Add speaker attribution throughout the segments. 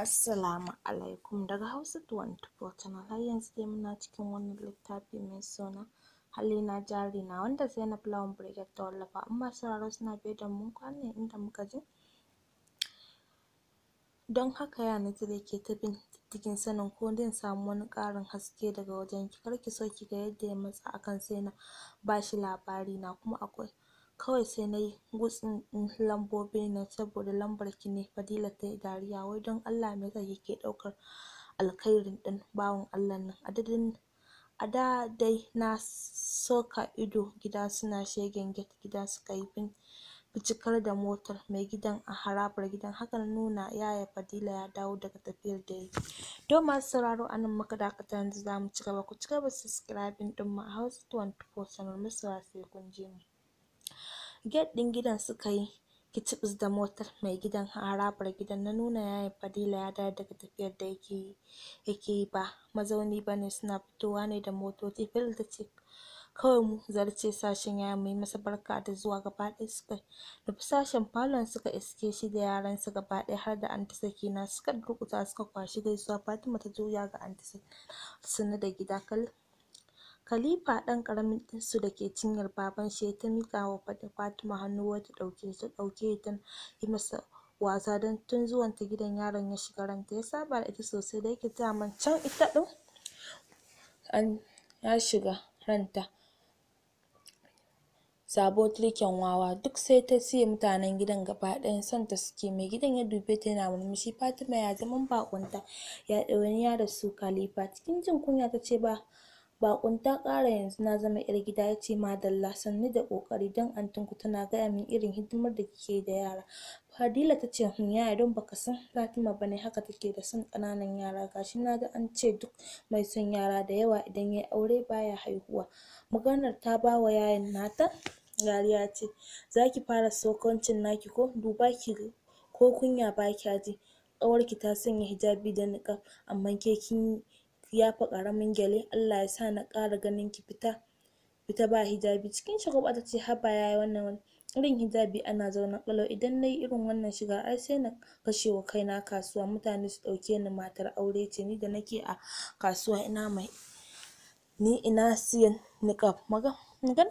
Speaker 1: Assalamu alaikum daga Hausa 24 channel har yanzu dai muna cikin wani littafi mai suna jari na wanda Zainab Lawan Brigade ta wallafa amma masu sauraro suna biye da mu kwana inda muka ji? don haka ya nutsu da ke ta bin diddigin sanin ko zan samu wani ƙarin haske daga wajen ki kar so ki ga yadda ya matsa akan sai na bashi labari na kuma akwai kawai sai na yi gutsin ɗin lambobin nan saboda lambar ki ne Fadila ta yi dariya wai don Allah me yasa kike ɗaukar alkhairin ɗin bawan Allah nan adadin a da dai na soka ido gida suna shegen gate gida suka yi fin da motar mai gidan a harabar gidan hakan nuna yaya Fadila ya dawo daga tafiyar da ya yi to masu sauraro a nan muka dakata yanzu za mu ci gaba ku ci gaba subscribing ɗin mu a Hausa 24 sanar masoya sai ya ji mu Gate ɗin gidan suka yi kicibis da motar mai gidan harabar gidan. Na nuna yaya Fadila ya dawo daga tafiyar da yake yi yake yi ba mazauni ba ne suna fitowa ne da motoci. Fadila ta ce kawai mu zarce sashen yayan mai masa barka da zuwa gaba ɗaya suka nufi sashen falon suka iske shi da yaransa gaba ɗaya har da saki na suka durƙusa suka kwashi gaisuwa. Fatima ta juya ga anti Sakina da gida. Kal Khalifa ɗan ƙaramin ɗansu da ke cinyar baban shi ya ta miƙa wa Fatima hannu wai ta ɗauke ta ɗauke ta yi masa wasa don tun zuwanta gidan yaron ya shiga ranta ya saba da ita sosai da yake daman can ita ɗin an ya shiga ranta sabo turken wawa duk sai ta siya mutanen gidan gaba ɗaya son ta suke mai gidan ya dube ta yana murmushi Fatima ya zaman baƙonta ya ɗawainiya da su Khalifa cikin jin kunya ta ce ba ta kara yanzu na zama yar gida ya ce madalla sannu da ƙoƙari don antinku tana gaya min irin hidimar da kike da yara Fadila ta ce hun hmm, yaya don baka san Fatima bane haka take da son ƙananan yara gashi na da an ce duk mai son yara da yawa idan yayi aure baya haihuwa maganar ta bawa yayan nata yariya ce zaki fara sokancin naki ko duba ki ko kunya ba aji? ji ƙawarki ta sanya hijabi da niƙab amma ke kin ki yafa ƙaramin gyale Allah ya sa na ƙara ganin ki fita fita ba hijabi cikin ta ce haba yaya wannan wani irin hijabi ana zaune ƙalau idan na yi irin wannan shiga ai sai na kashe wa kaina kasuwa mutane su ɗauke ni matar aure ce ni da nake a kasuwa ina mai ni ina siyan niƙaf magana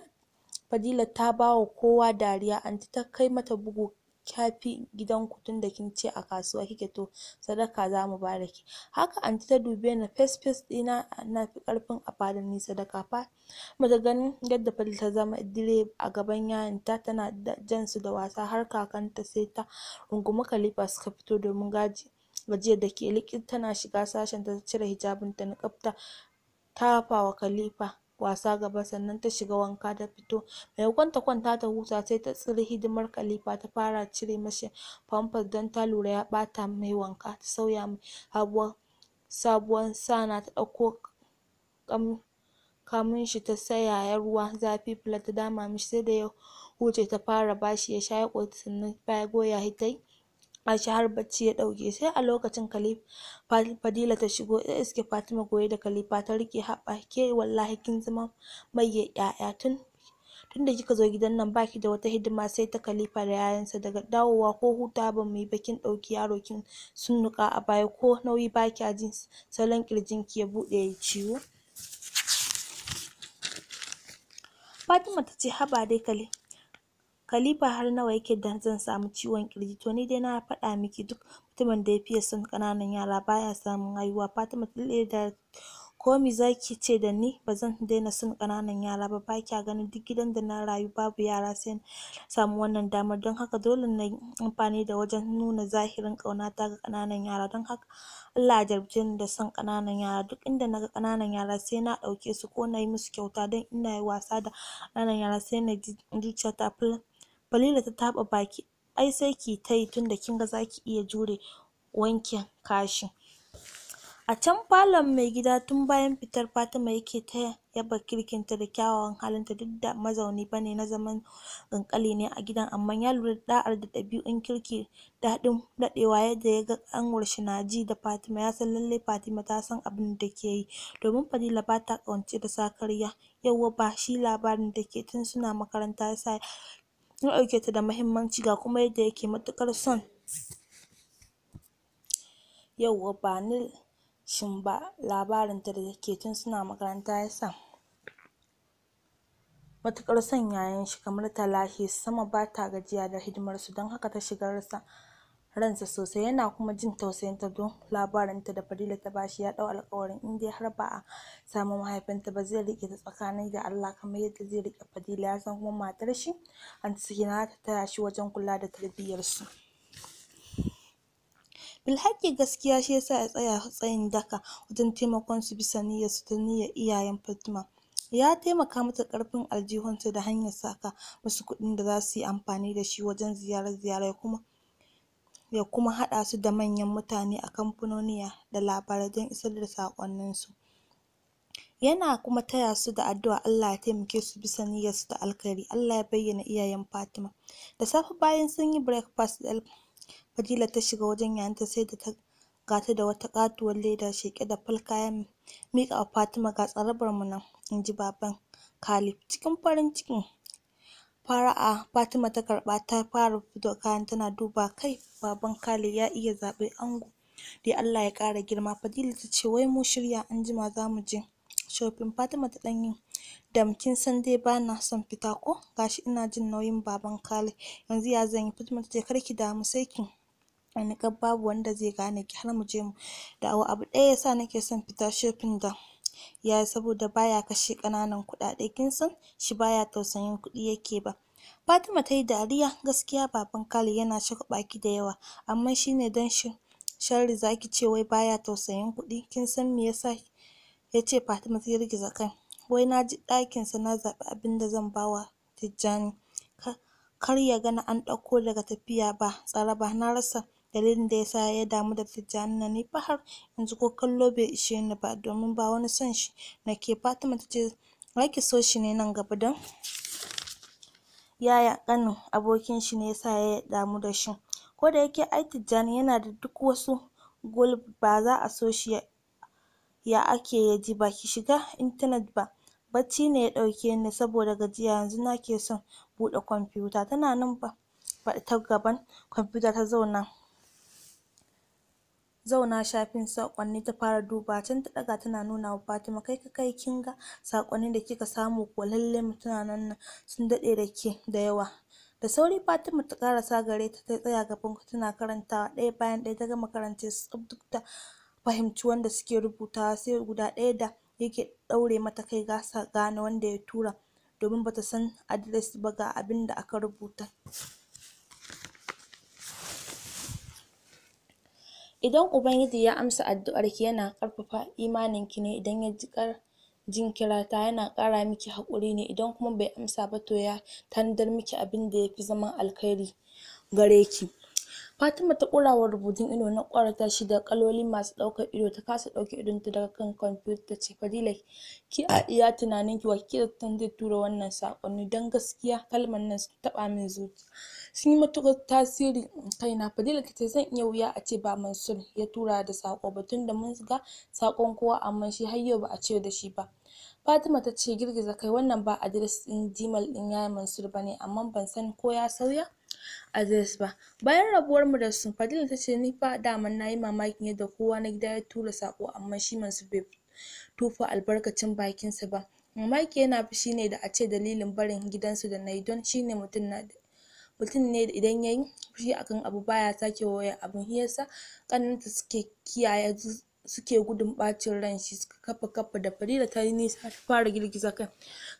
Speaker 1: Fadila ta bawa kowa dariya anti ta kai mata bugu kyafi gidanku tunda ce a kasuwa kike to sadaka zamu baraki haka anti ta dube ni fes fes ɗina fi ƙarfin a bada ni sadaka fa bata ganin yadda fa ta zama dire a gaban ta tana jan su da wasa har kakanta sai ta rungumi kalifa suka fito domin gaji gajiyar da ke likin tana shiga sashen ta cire hijabin ta niƙaf ta tafawa kalifa. wasa gaba sannan ta shiga wanka ta fito maimakon ta kwanta ta huta sai ta tsiri hidimar Khalifa ta fara cire mashi famfas don ta lura ya ɓata mai wanka ta sauya mai sabuwar sana ta ɗauko ƙam kamun shi ta saya ya ruwa zafi filat ta dama mishi sai da ya huce ta fara bashi ya sha ya ƙoshi sannan ta goya shi tayi a har bacci ya ɗauke sai a lokacin Khalif fadila ta shigo ta iske fatima goye da khalifa ta rike haɓa ke wallahi kin zama mai ya'ya tun tunda kika zo gidan nan baki da wata hidima sai ta khalifa da yayansa daga dawowa ko huta ba mu yi dauki ɗauki yaro kin sunnuka a baya ko nauyi ba a jin salon kirjin ki ya buɗe ya ciwo Fatima ta ce haba dai kale Khalifa har nawa yake da zan samu ciwon kirji to ni dai na faɗa miki duk mutumin da ya fiye son kananan yara baya samun haihuwa Fatima ta da ko mi zaki ce da ni ba zan daina son kananan yara ba ba kya ganin duk gidan da na rayu babu yara sai na samu wannan damar don haka dole na yi amfani da wajen nuna zahirin ƙaunata ga kananan yara don haka Allah ya jarabce ni da son kananan yara duk inda na ga ƙananan yara sai na ɗauke su ko na yi musu kyauta don ina wasa da ƙananan yara sai na ji zuciyata Falila ta taɓa baki, ai sai ki ta yi tunda kin ga za ki iya jure wankin kashi. A can falon mai gida tun bayan fitar Fatima yake ta yaba kirkinta da kyawawan halinta duk da mazauni bane na zaman ƙanƙali ne a gidan amma ya lura da ɗa'ar da ɗabi'un kirki daɗin daɗewa yadda ya ga ƙanwarshi na ji da Fatima ya san lallai Fatima ta san abin da take yi domin Fadila ba ta ƙawance da sakarya yauwa ba shi labarin da take tun suna makaranta ya sa sun ɗauke ta da mahimmanci ga kuma yadda yake matukar son yauwa bani ba labarinta da take tun suna makaranta ya yasa matukar son yayan shi kamar ta lashe sama ba ta gajiya da hidimarsu don haka ta shigar shigarsa ransa sosai yana kuma jin tausayin ta don labaranta da Fadila ta bashi ya dau alƙawarin in dai har ba a samu mahaifinta ba zai rike ta tsakanin da Allah kamar yadda zai rike Fadila ya san kuma matar shi anti na ta taya shi wajen kula da tarbiyyar su Bilhaki gaskiya shi yasa ya tsaya tsayin daka wajen taimakon su bisa niyyar su ta niyyar iyayen Fatima ya taimaka mata karfin aljihunta da hanyar saka musu kuɗin da za su yi amfani da shi wajen ziyarar ziyarar kuma ya kuma haɗa su da manyan mutane a kamfanoniya da labarai don isar da saƙonninsu. Yana kuma taya su da addu'a Allah ya taimake su bisa niyyarsu da alkhairi. Allah ya bayyana iyayen Fatima. Da safe bayan sun yi breakfast ɗin Fadila ta shiga wajen yayanta sai da ta gata da wata katuwar leda sheƙe da falkaya miƙa wa Fatima ga tsarabar mu nan, inji baban Khalif cikin farin ciki. fara'a Fatima ta karɓa ta fara fito kayan tana duba kai baban Kale ya iya zaɓe ango dai Allah ya ƙara girma Fadila ta ce wai mu shirya anjima jima za mu je shopping Fatima ta ɗan yi da kin san dai ba na son fita ko gashi ina jin nauyin baban Kale yanzu ya zan yi Fatima ta ce kar ki damu sai ki a babu wanda zai gane ki har mu je mu dawo abu ɗaya yasa nake son fita shopping da ya saboda baya kashe kananan kuɗaɗe kin shi baya tausayin kuɗi yake ba Fatima ta yi dariya gaskiya baban kali yana cika baki da yawa amma shine dan shi sharri zaki ce wai baya tausayin kuɗi kin san me yasa yace Fatima ta girgiza kai wai naji ji sa na zaɓi abinda zan bawa Tijjani kar ya ga na an ɗauko daga tafiya ba tsara ba na rasa Dalilin da ya sa ya damu da Tijjani na ni har yanzu ko kallo bai ishe ni ba domin ba wani son shi nake Fatima ta ce so shi ne nan gaba don yaya kanin abokin shi ne yasa ya damu da shi. Ko da yake ai Tijjani yana da duk wasu gulb ba za a so shi ya ake ya ji ba ki shiga intanet ba. Bacci ne ya ɗauke ni saboda gajiya yanzu nake son buɗe kwamfuta. Tana nan fa ta gaban kwamfuta ta zauna. zauna shafin saƙonni ta fara duba can ta ɗaga tana nuna wa Fatima kai ka kai kin ga da kika samu ko lallai mutanen nan sun daɗe da ke da yawa da sauri Fatima ta ƙarasa gare ta ta tsaya gaban tana karantawa ɗaya bayan ɗaya ta gama karanta su fahimci wanda suke rubutawa sai guda ɗaya da yake ɗaure mata kai gasa gane wanda ya tura domin bata san adres ba ga abin da aka rubuta. idan ubangiji ya amsa addu'ar ki yana ƙarfafa ki ne idan ya jiƙar jin ta yana ƙara miki haƙuri ne idan kuma bai amsa ba to ya tanadar miki abinda yafi zaman alkhairi gare ki Fatima ta ƙura rubutun ido na ƙwarata shi da kaloli masu ɗaukar ido ta kasa idon ta daga kan kwamfuta ta ce Fadila ki a iya tunanin ki wa ta zaton zai tura wannan saƙonni don gaskiya kalmar nan sun taɓa min zuciya sun yi matuƙar tasiri kaina Fadila ta ce zan iya wuya a ce ba Mansur ya tura da saƙo ba da mun ga saƙon kowa amma shi har yau ba a ce da shi ba Fatima ta ce girgiza kai wannan ba adires din Gmail ɗin yayin Mansur ba ne amma ban san ko ya sauya Aziz ba. Bayan rabuwar mu da su Fadila ta ce ni fa daman nayi mamakin yadda kowa na gida ya tura sako amma shi su bai tofa albarkacin bakinsa ba. Mamaki yana fushi ne da a ce dalilin barin gidansu da nayi don shine mutum na mutum ne idan yayi fushi akan abu baya sake waya abun, shi sa suke kiyaye suke gudun ɓacin ran shi suka kafa kafa da Farida ta yi nisa ta fara girgiza kai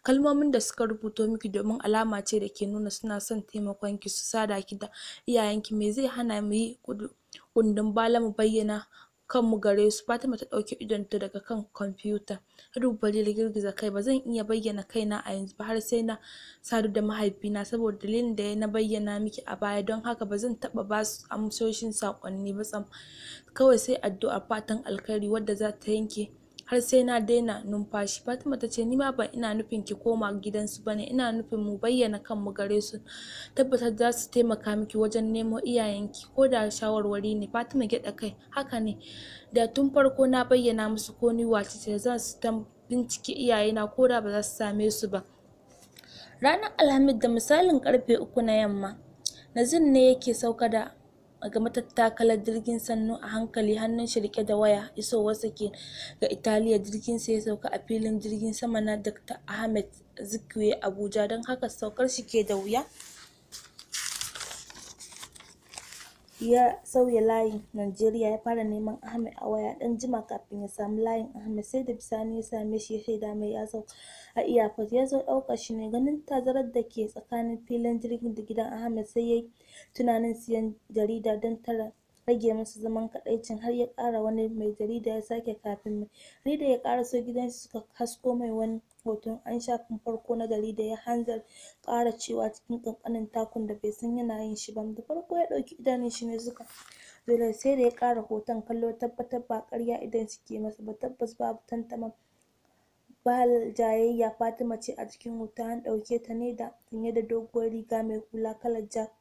Speaker 1: kalmomin da suka rubuto miki domin alama ce da ke nuna suna son taimakon ki su sada ki da iyayenki me zai hana mu yi kundin bala mu bayyana kanmu gare su Fatima ta ɗauki idonta daga kan kwamfuta Habibu Balil girgiza kai ba zan iya bayyana kaina a yanzu ba har sai na sadu da mahaifina saboda dalilin da na bayyana miki a baya don haka ba zan taɓa ba su amsoshin saƙonni ba tsam kawai sai addu'a fatan alkhairi wadda za ta yanke har sai na daina numfashi Fatima ta ce nima ba ina nufin ki koma gidansu bane ina nufin mu bayyana kanmu gare su tabbatar za su taimaka miki wajen nemo iyayenki ko da shawarwari ne Fatima gyaɗa kai haka ne da tun farko na bayyana musu ko ni wace ce za su bincike iyayena ko da ba za su same su ba ranar alhamis da misalin karfe uku na yamma Nazir ne yake sauka da ga matattakalar jirgin sannu a hankali hannun shi rike da waya isowarsa ke ga Italiya jirgin sai ya sauka a filin jirgin sama na Dr. Ahmed zikwe Abuja don haka saukar shi ke da wuya ya sauya layin nigeria ya fara neman Ahmed a waya dan jima kafin ya samu layin Ahmed sai da bisani ya same shi ya shaida mai ya sauka a airport ya zo ɗaukar shi ne ganin tazarar da ke tsakanin filin jirgin da gidan Ahmed sai ya yi tunanin siyan jarida don tara rage musu zaman kaɗaicin har ya kara wani mai jarida ya sake kafin mai jarida ya gidan su suka hasko mai wani hoton an shafin farko na jarida ya hanzar kara cewa cikin ƙanƙanin takun da bai san yana yin shi ba da farko ya ɗauki idanun shi ne suka dole sai da ya kara hoton kallo tabbatar ba ƙarya idan suke masa ba tabbas babu tantama Bahar jayayya Fatima ce a cikin wuta an ɗauke ta ne da sanye da doguwar riga mai hula kalar ja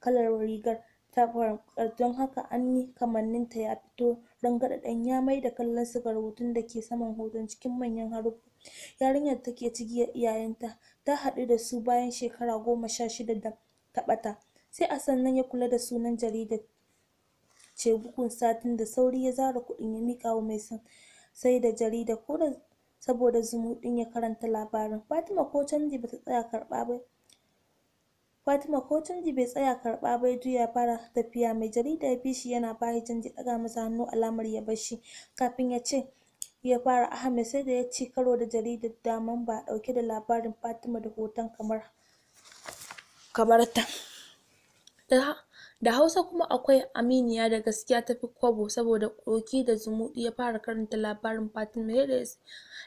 Speaker 1: kalar rigar ta don haka an yi kamannin ta ya fito don ɗan ya da kallon su ga rubutun da ke saman hoton cikin manyan haruffa. Yarinyar da ciki cigiyar iyayenta ta haɗu da su bayan shekara goma sha shida da ta ɓata. Sai a sannan ya kula da sunan jaridar ce bukun satin da sauri ya zara kuɗin ya miƙa wa mai da jarida ko da saboda zumuɗin ya karanta labarin Fatima ko canji bata tsaya karɓa ba Fatima ko canji bai tsaya karɓa ba ya fara tafiya mai jarida ya bi shi yana bai canji ɗaga masa hannu alamar ya bar shi kafin ya ce ya fara Ahmed sai da ya ci karo da jaridar daman ba ɗauke da labarin Fatima da hoton kamar kamar ta Da Hausa kuma akwai Aminiya da Gaskiya ta fi Kwabo saboda ƙoki da Zumuɗi ya fara karanta labarin Fatima yadda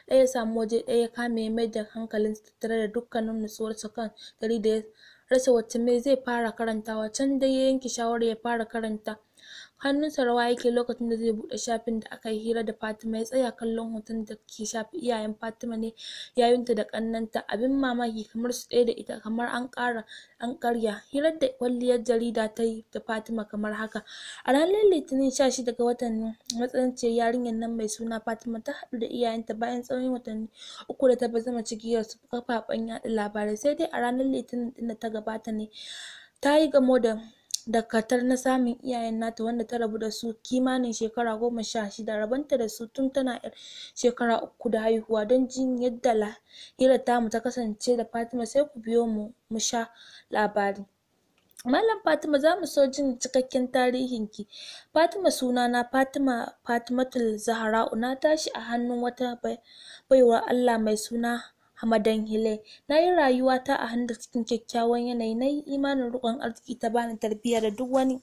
Speaker 1: ɗaya ya samu waje ɗaya ya kame ya da hankalinsa tattare da dukkanin nutsuwarsa kan gari da ya rasa wacce mai zai fara karantawa, can dai ya yanke shawarar ya fara karanta hannunsa rawa yake lokacin da zai buɗe shafin da aka yi hira da Fatima ya tsaya kallon hoton da ke shafi iyayen Fatima ne yayinta da ƙannenta abin mamaki kamar su ɗaya da ita kamar an ƙara an ƙarya hirar da kwalliyar jarida ta yi da Fatima kamar haka a ranar litinin sha shida ga watan nan matsananciyar yarinyar nan mai suna Fatima ta haɗu da iyayenta bayan tsawon watanni uku da ta bazama cigiyar su kafafen yaɗa labarai sai dai a ranar litinin ɗin da ta gabata ne ta yi gamo da Dakatar na samun iyayen nata wanda ta rabu da su kimanin shekara goma sha shida rabonta da su tun tana ƴar shekara uku da haihuwa don jin yadda hirar mu ta kasance da Fatima sai ku biyo mu mu sha labari. Malam Fatima za mu so jin cikakken tarihin ki. Fatima sunana Fatima Fatimatul Zahra'u na tashi a hannun wata baiwar Allah mai suna hamadan hile Na yi rayuwata a hannun cikin kyakkyawan yanayi, na yi imanin riƙon arziki ta bani tarbiyya da duk wani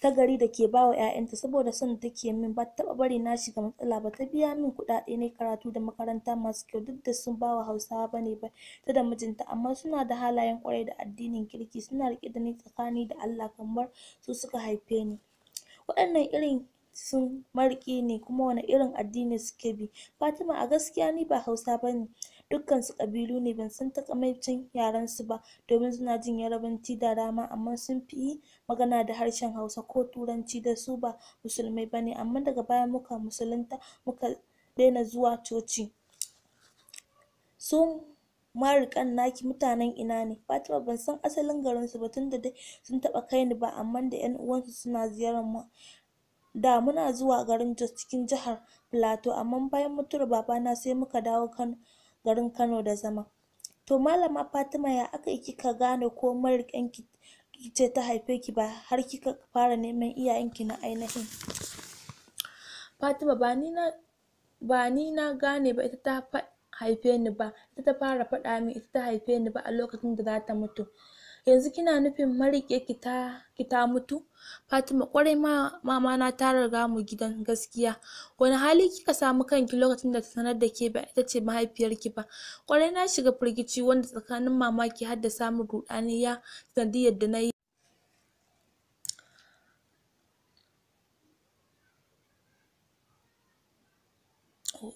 Speaker 1: ta gari da ke bawa 'ya'yanta saboda son da take min ba ta taɓa bari na shiga matsala ba ta biya min kuɗaɗe na karatu da makaranta masu kyau duk da sun bawa Hausawa bane ba ta da mijinta amma suna da halayen ƙwarai da addinin kirki suna riƙe da ni tsakani da Allah kamar su suka haife ni waɗannan irin sun marƙi ne kuma wani irin addini suke bi Fatima a gaskiya ni ba Hausa ne dukkan su ƙabilu ne ban san takamaicin yaren su ba domin suna jin Yarabanci da rama amma sun fi yi magana da harshen Hausa ko Turanci da su ba musulmai ba ne amma daga baya muka musulunta muka daina zuwa coci su marikan naki mutanen ina ne Fatima ban san asalin garin su ba tunda dai sun taɓa kai ni ba amma da 'yan uwansu suna ziyarar mu da muna zuwa garin Jos cikin jihar Plateau amma bayan mutuwar babana sai muka dawo Kano garin Kano da zama to malama Fatima ya aka yi kika gane ko mariƙanki ce ta haife ki ba har kika fara neman iyayenki na ainihin Fatima ba ni na gane ba ita ta haife ni ba ita ta fara faɗa min ita ta haife ni ba a lokacin da za ta mutu yanzu kina nufin marike kita ki mutu Fatima ƙwarai ma mama na ta riga mu gidan gaskiya wani hali kika samu kanki lokacin da ta sanar da ke ba ita ce mahaifiyarki ba ƙwarai na shiga firgici wanda tsakanin mamaki har da samun ruɗani ya sanadiyar da na yi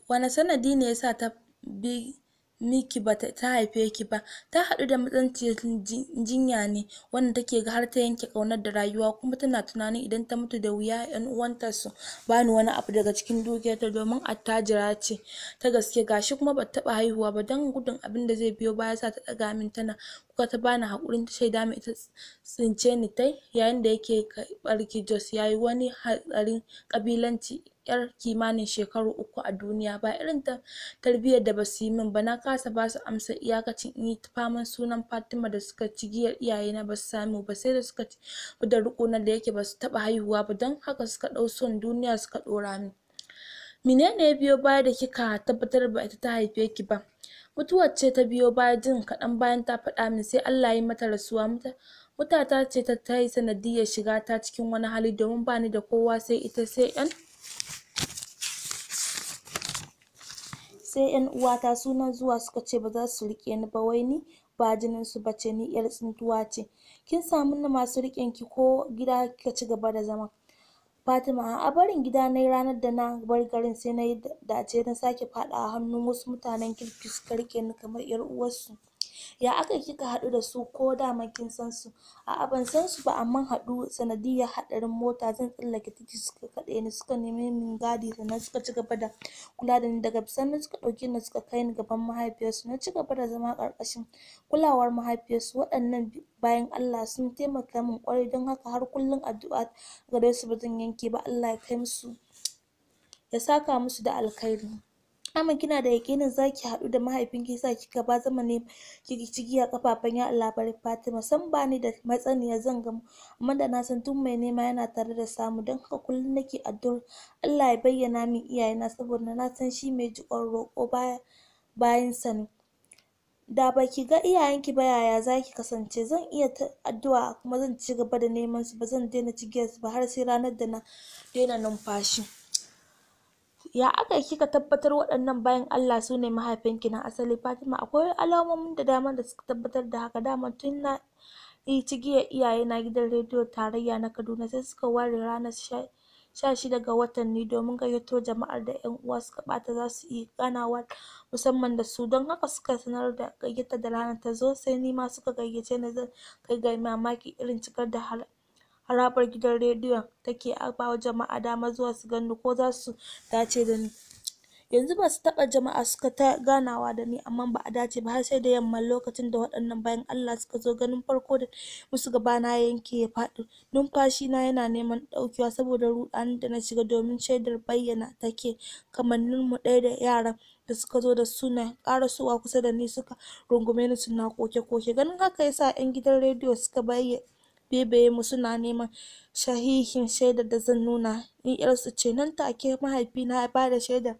Speaker 1: wani sanadi ne yasa ta bi miki bata ta haife ki ba ta haɗu da matsanciyar jinya ne wanda take ga har ta yanke ƙaunar da rayuwa kuma tana tunanin idan ta mutu da wuya ƴan uwanta su bani wani abu daga cikin dukiyarta domin attajira ce ta gaske gashi kuma bata taba haihuwa ba don gudun abin da zai biyo baya sa ta ɗaga min tana kuka ta bani haƙurin ta shaida min ita tsince ni tai yayin da yake barki Jos yayi wani hatsarin ƙabilanci yar kimanin shekaru uku a duniya ba irin ta tarbiyyar da basu yi min ba na kasa ba su amsa iyakacin in yi faman sunan Fatima da suka ci giyar iyayena su samu ba sai da suka ci da na da yake su taɓa haihuwa ba don haka suka ɗau son duniya suka ɗora min menene ya biyo baya da kika tabbatar ba ita ta haife ki ba mutuwar ce ta biyo baya jin kaɗan bayan ta faɗa min sai Allah ya mata rasuwa mutata ce ta ta yi sanadiyyar shiga ta cikin wani hali domin bani da kowa sai ita sai ƴan sai ƴan uwata sunan zuwa suka ce ba za su riƙe ni ba wai ni ba jinin su bace ni ƴar tsintuwa ce kin samu na masu riƙen ki ko gida kika ci gaba da zama Fatima a barin gida na ranar da na bar garin sai na yi dace na sake faɗawa hannun wasu mutanen kirki suka riƙe ni kamar 'yar uwarsu. ya aka kika haɗu da su ko dama kin san su a'a ban san su ba amma haɗu sanadiyar haɗarin mota zan tsallake titi suka kaɗe ni suka nemi min gadi sannan suka ci gaba da kula da ni daga bisani suka ɗauke ni suka kai ni gaban mahaifiyarsu na ci gaba da zama ƙarƙashin kulawar mahaifiyarsu waɗannan bayan Allah sun taimaka min ƙwarai don haka har kullum addu'a gare su ba zan yanke ba Allah ya kai musu ya saka musu da alkhairi Amma kina da yakinin zaki haɗu da mahaifinki yasa kika ba zama ne a kafafen ya labarai Fatima san bani da matsaniya zan gamu amma da na san tun mai nema yana tare da samu don haka kullum nake addu'ar Allah ya bayyana min iyayena saboda na san shi mai jikon roƙo bayan sa ne. Da baki ga iyayenki ba yaya zaki kasance zan iya ta addu'a kuma zan ci gaba da neman su ba zan daina cigiyar su ba har sai ranar da na daina numfashi. ya aka kika tabbatar waɗannan bayan Allah su ne mahaifinki na asali Fatima akwai alamomin da dama da suka tabbatar da haka dama tun na yi iyaye na gidan rediyo tarayya na Kaduna sai suka ware ranar sha shida ga watan domin gayyato jama'ar da 'yan uwa suka bata za su yi ganawa musamman da su don haka suka sanar da gayyata da ranar ta zo sai ni ma suka gayyace ni zan kai ga mamaki irin cikar da harabar gidan rediyon take bawa jama'a damar zuwa su gani ko zasu dace da ni yanzu basu taɓa jama'a suka ta ganawa da ni amma ba a dace ba har sai da yamma lokacin da waɗannan bayan Allah suka zo ganin farko da musu gabana ya yanke ya faɗi numfashi na yana neman ɗaukewa saboda ruɗanin da na shiga domin shaidar bayyana take kamannin mu ɗaya da yaran da suka zo da suna ƙarasowa kusa da ni suka rungume ni suna koke-koke ganin haka yasa 'yan gidan rediyo suka bayyana bebeye mu suna neman sahihin shaidar da zan nuna ni 'yarsu ce nan take mahaifina ya bada shaidar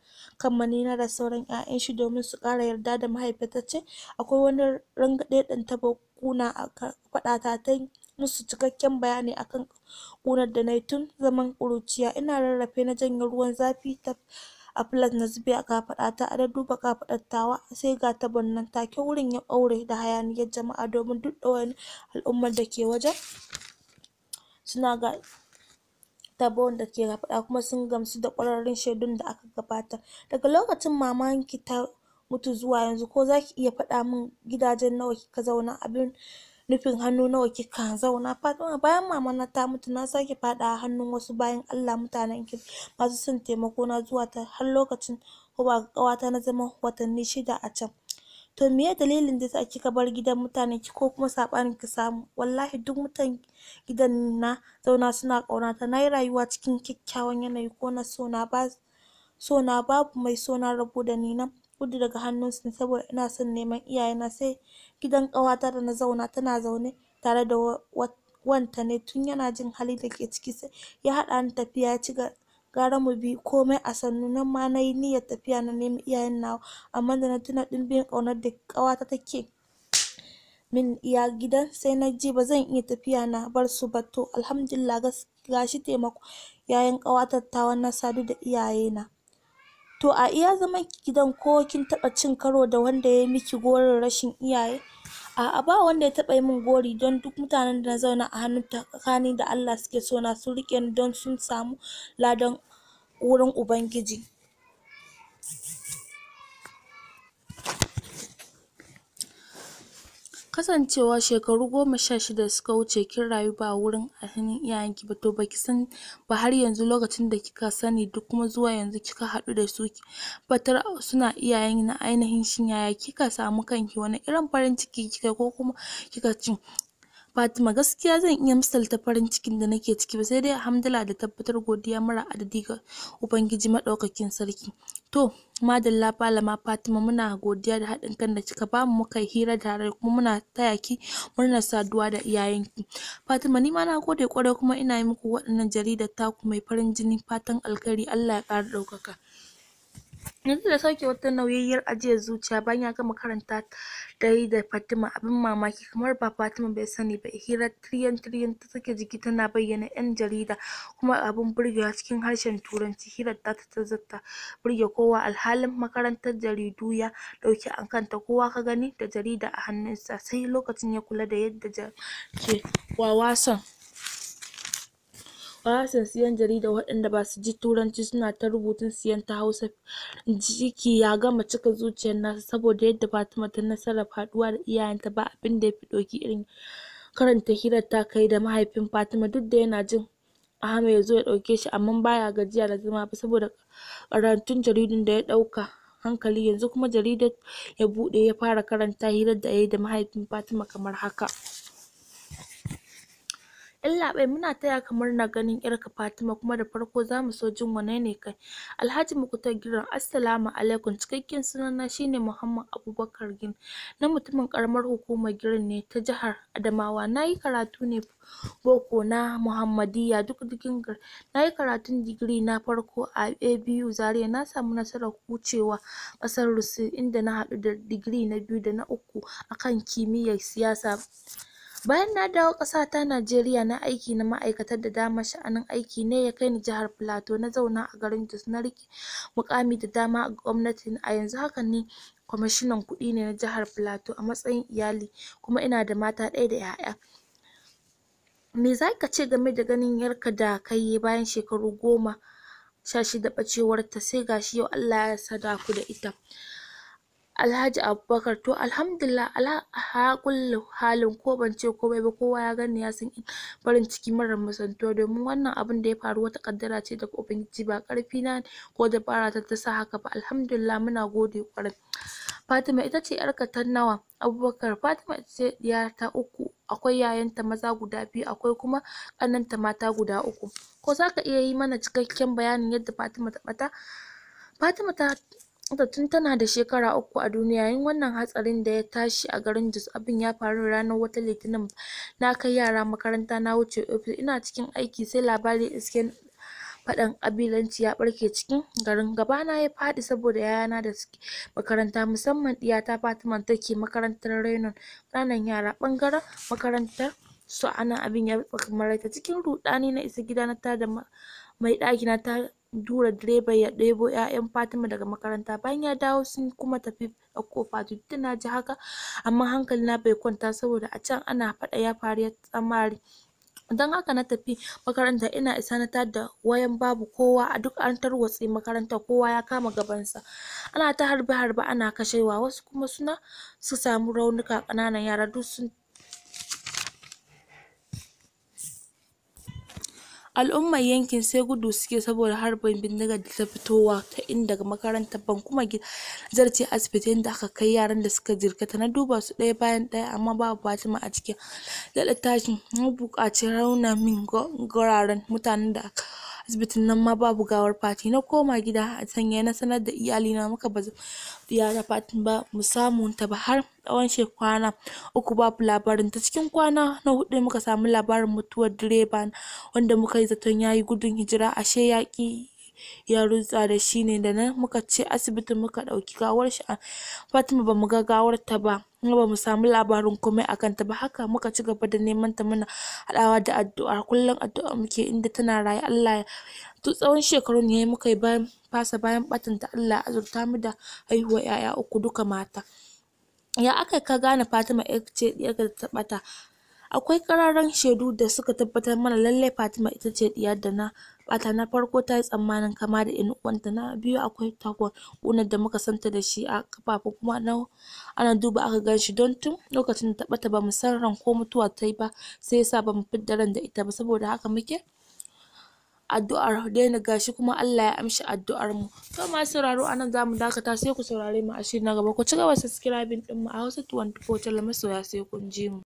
Speaker 1: na da sauran ƴaƴan shi domin su ƙara yarda da ta ce akwai wani rangaɗeɗɗen taɓo kuna a kafaɗata ta musu cikakken bayani akan kunar da nayi tun zaman ƙuruciya ina rarrafe na janye ruwan zafi ta a filas na zube a kafaɗata a duba kafaɗar tawa sai ga tabon nan take wurin ya ɓaure da hayaniyar jama'a domin duk wani al'ummar da ke wajen suna ga tabon da ke kafaɗa kuma sun gamsu da kwararrun shaidun da aka gabatar daga lokacin mamanki ta mutu zuwa yanzu ko zaki iya faɗa min gidajen nawa kika zauna abin nufin hannu nawa kika zauna Fatima ah, bayan mama na ta mutu na sake fada hannun wasu bayan Allah mutanen kirki masu son taimako na zuwa ta har lokacin ba kawata na zama watanni shida a can to meye dalilin da yasa kika bar gidan mutanen ki ko kuma saɓanin ki samu wallahi duk mutan gidan na zauna suna na yi rayuwa cikin kyakkyawan yanayi ko na so na ba so na babu mai so na rabo da ni nan gudu daga hannunsu ne saboda ina son neman iyayena sai gidan ƙawata da na zauna tana zaune tare da wanta ne tun yana jin hali da ke ciki sai ya haɗa ni tafiya ya ci gara mu bi komai a sannu nan ma na yi niyyar tafiya na nemi iyayen nawa amma da na tuna ɗimbin ƙaunar da ƙawata take min iya gidan sai na ji ba zan iya tafiya na bar su ba to alhamdulillah gashi taimako yayin ƙawatar ta na sadu da iyayena to a iya zaman gidan ko kin taɓa cin karo da wanda ya yi miki gorin rashin iyaye a'a ba wanda ya taɓa yi min gori don duk mutanen da na zauna a hannun tsakani da Allah suke so na sun riƙe ni don sun samu ladan wurin Ubangiji kasancewa shekaru goma sha shida suka wuce kin rayu ba wurin a hannun iyayenki ba to baki san ba har yanzu lokacin da kika sani duk kuma zuwa yanzu kika haɗu da su tabbatar suna iyayen na ainihin shin yaya kika samu kanki wani irin farin ciki kika yi ko kuma kika ci. Fatima gaskiya zan iya misalta farin cikin da nake ciki ba sai dai hamdala da tabbatar godiya mara adadi ga Ubangiji maɗaukakin sarki. To, madalla ma Fatima muna godiya da haɗin kan da kika bamu muka hira da rai kuma muna taya ki murna saduwa da iyayenki. Fatima ni ma na gode kwarai kuma ina yi muku waɗannan jaridar taku mai farin jini fatan alkhairi Allah ya ƙara ɗaukaka. yanzu da sauke wata nauyayyiyar ajiyar zuciya bayan ya gama karanta yi da Fatima abin mamaki kamar ba Fatima bai sani ba hira tiryan tiryan ta sake jiki tana bayyana yan jarida kuma abin burgewa cikin harshen turanci hira ta ta zata burge kowa alhalin makarantar jaridu ya dauki an kanta kowa ka gani da jarida a hannunsa sai lokacin ya kula da yadda ke wawasan Bahasin siyan jarida waɗanda ba su ji Turanci suna ta rubutun siyan ta Hausa. Ciki ya gama cika zuciyar nasu saboda yadda Fatima ta nasarar faduwa da iyayenta ba abin da ya fi ɗauki irin karanta hirar ta kai da mahaifin Fatima duk da yana jin ahama ya zo ya ɗauke shi amma baya gajiya da zama ba saboda karantun jaridun da ya ɗauka hankali yanzu kuma jaridar ya buɗe ya fara karanta hirar da ya yi da mahaifin Fatima kamar haka. yallabai muna taya kamar na ganin ƴarka Fatima kuma da farko za mu so jin wane ne kai. Alhaji Mukutar Giran Assalamu alaikum cikakken sunana shine Muhammad Abubakar Gin na mutumin karamar hukumar Girin ne ta jihar Adamawa. Na yi karatu ne boko na Muhammadiyya duk digin Na yi karatun digiri na farko a ABU Zaria na samu nasarar wucewa ƙasar Rusi inda na haɗu da digiri na biyu da na uku akan kimiyyar siyasa. Bayan na dawo ƙasa ta Najeriya na aiki na ma'aikatar da dama sha'anin aiki ne ya kai ni jihar Plateau na zauna a garin Jos na riƙe muƙami da dama ga gwamnati a yanzu haka ne kwamishinan kuɗi ne na jihar Plateau a matsayin iyali kuma ina da mata ɗaya da ƴaƴa. Me za ka ce game da ganin ‘yarka da ka yi bayan shekaru goma sha shida ɓacewarta sai gashi yau Allah ya sada ku da ita. Alhaji Abubakar to alhamdulillah ala kullu halin ko ban ce komai ba kowa ya gani ya san farin ciki marar misaltuwa domin wannan abin da ya faru wata kaddara ce daga ubangiji ba karfi na ko dabara ta ta sa haka ba alhamdulillah muna gode ƙwarai Fatima ita ce yarka ta nawa Abubakar Fatima ita ce diya ta uku akwai yayanta maza guda biyu akwai kuma ƙananta mata guda uku ko za ka iya yi mana cikakken bayanin yadda Fatima ta ɓata Fatima ta da tun tana da shekara uku a duniya yayin wannan hatsarin da ya tashi a garin Jos abin ya faru ranar wata litinin na kai yara makaranta na wuce ofis ina cikin aiki sai labari iske ni faɗan ƙabilanci ya barke cikin garin gabana ya faɗi saboda yayana da makaranta musamman ɗiyata Fatima take makarantar renon ƙananan yara ɓangaren makarantar su anan abin ya kamar ta cikin ruɗani na isa gida na tada mai ɗaki na ta tura direban ya ɗebo ƴaƴan Fatima daga makaranta bayan ya dawo sun kuma tafi a kofa duk na ji haka amma hankali na bai kwanta saboda a can ana faɗa ya faru ya tsamari don haka na tafi makaranta ina isa na tada wayan babu kowa a duk an tarwatse makaranta kowa ya kama gabansa ana ta harbe harbe ana kashewa wasu kuma suna su samu raunuka ƙananan yara duk sun Al'ummar yankin sai gudu suke saboda harbin bindiga da ta fitowa ta inda daga makaranta ban kuma zarce asibiti da aka kai yaran da suka jirkata na duba su ɗaya bayan ɗaya amma babu Fatima a cikin daɗa tashin na buƙaci rauna min guraren mutanen da aka asibitin nan ma babu gawar Fati na koma gida a sanya na sanar da iyalina muka ba Fatin ba mu samu ta ba har tsawon shekwana uku babu labarin ta cikin kwana na hudu muka samu labarin mutuwar direban wanda muka yi zaton yayi gudun hijira ashe yaƙi ya rutsa da shi ne da nan muka ce asibitin muka ɗauki gawar shi a Fatima bamu ga gawar ta ba kuma bamu samu labarin komai akan ta ba haka muka ci gaba da neman ta muna haɗawa da addu'a kullum addu'a muke inda tana raye Allah ya duk tsawon shekarun yayi muka yi bayan fasa bayan ɓatin ta Allah ya azurta mu da haihuwar ƴaƴa uku duka mata ya aka ka gane Fatima ƴar ce ɗiyarka da ta ɓata akwai kararan shaidu da suka tabbatar mana lallai Fatima ita ce diyar da na bata na farko ta yi tsammanin kama da ƴan uwanta na biyu akwai takon ƙunar da muka santa da shi a kafafu kuma na ana duba aka gan don tun lokacin da ta ɓata ba mu san ran ko mutuwa ta yi ba sai yasa ba mu fidda ran da ita ba saboda haka muke addu'ar daina gashi kuma Allah ya amshi addu'ar mu to masu sauraro anan zamu dakata sai ku saurare mu a shirin na gaba ku ci gaba subscribing din mu a Hausa 24 Channel masoya sai kun ji mu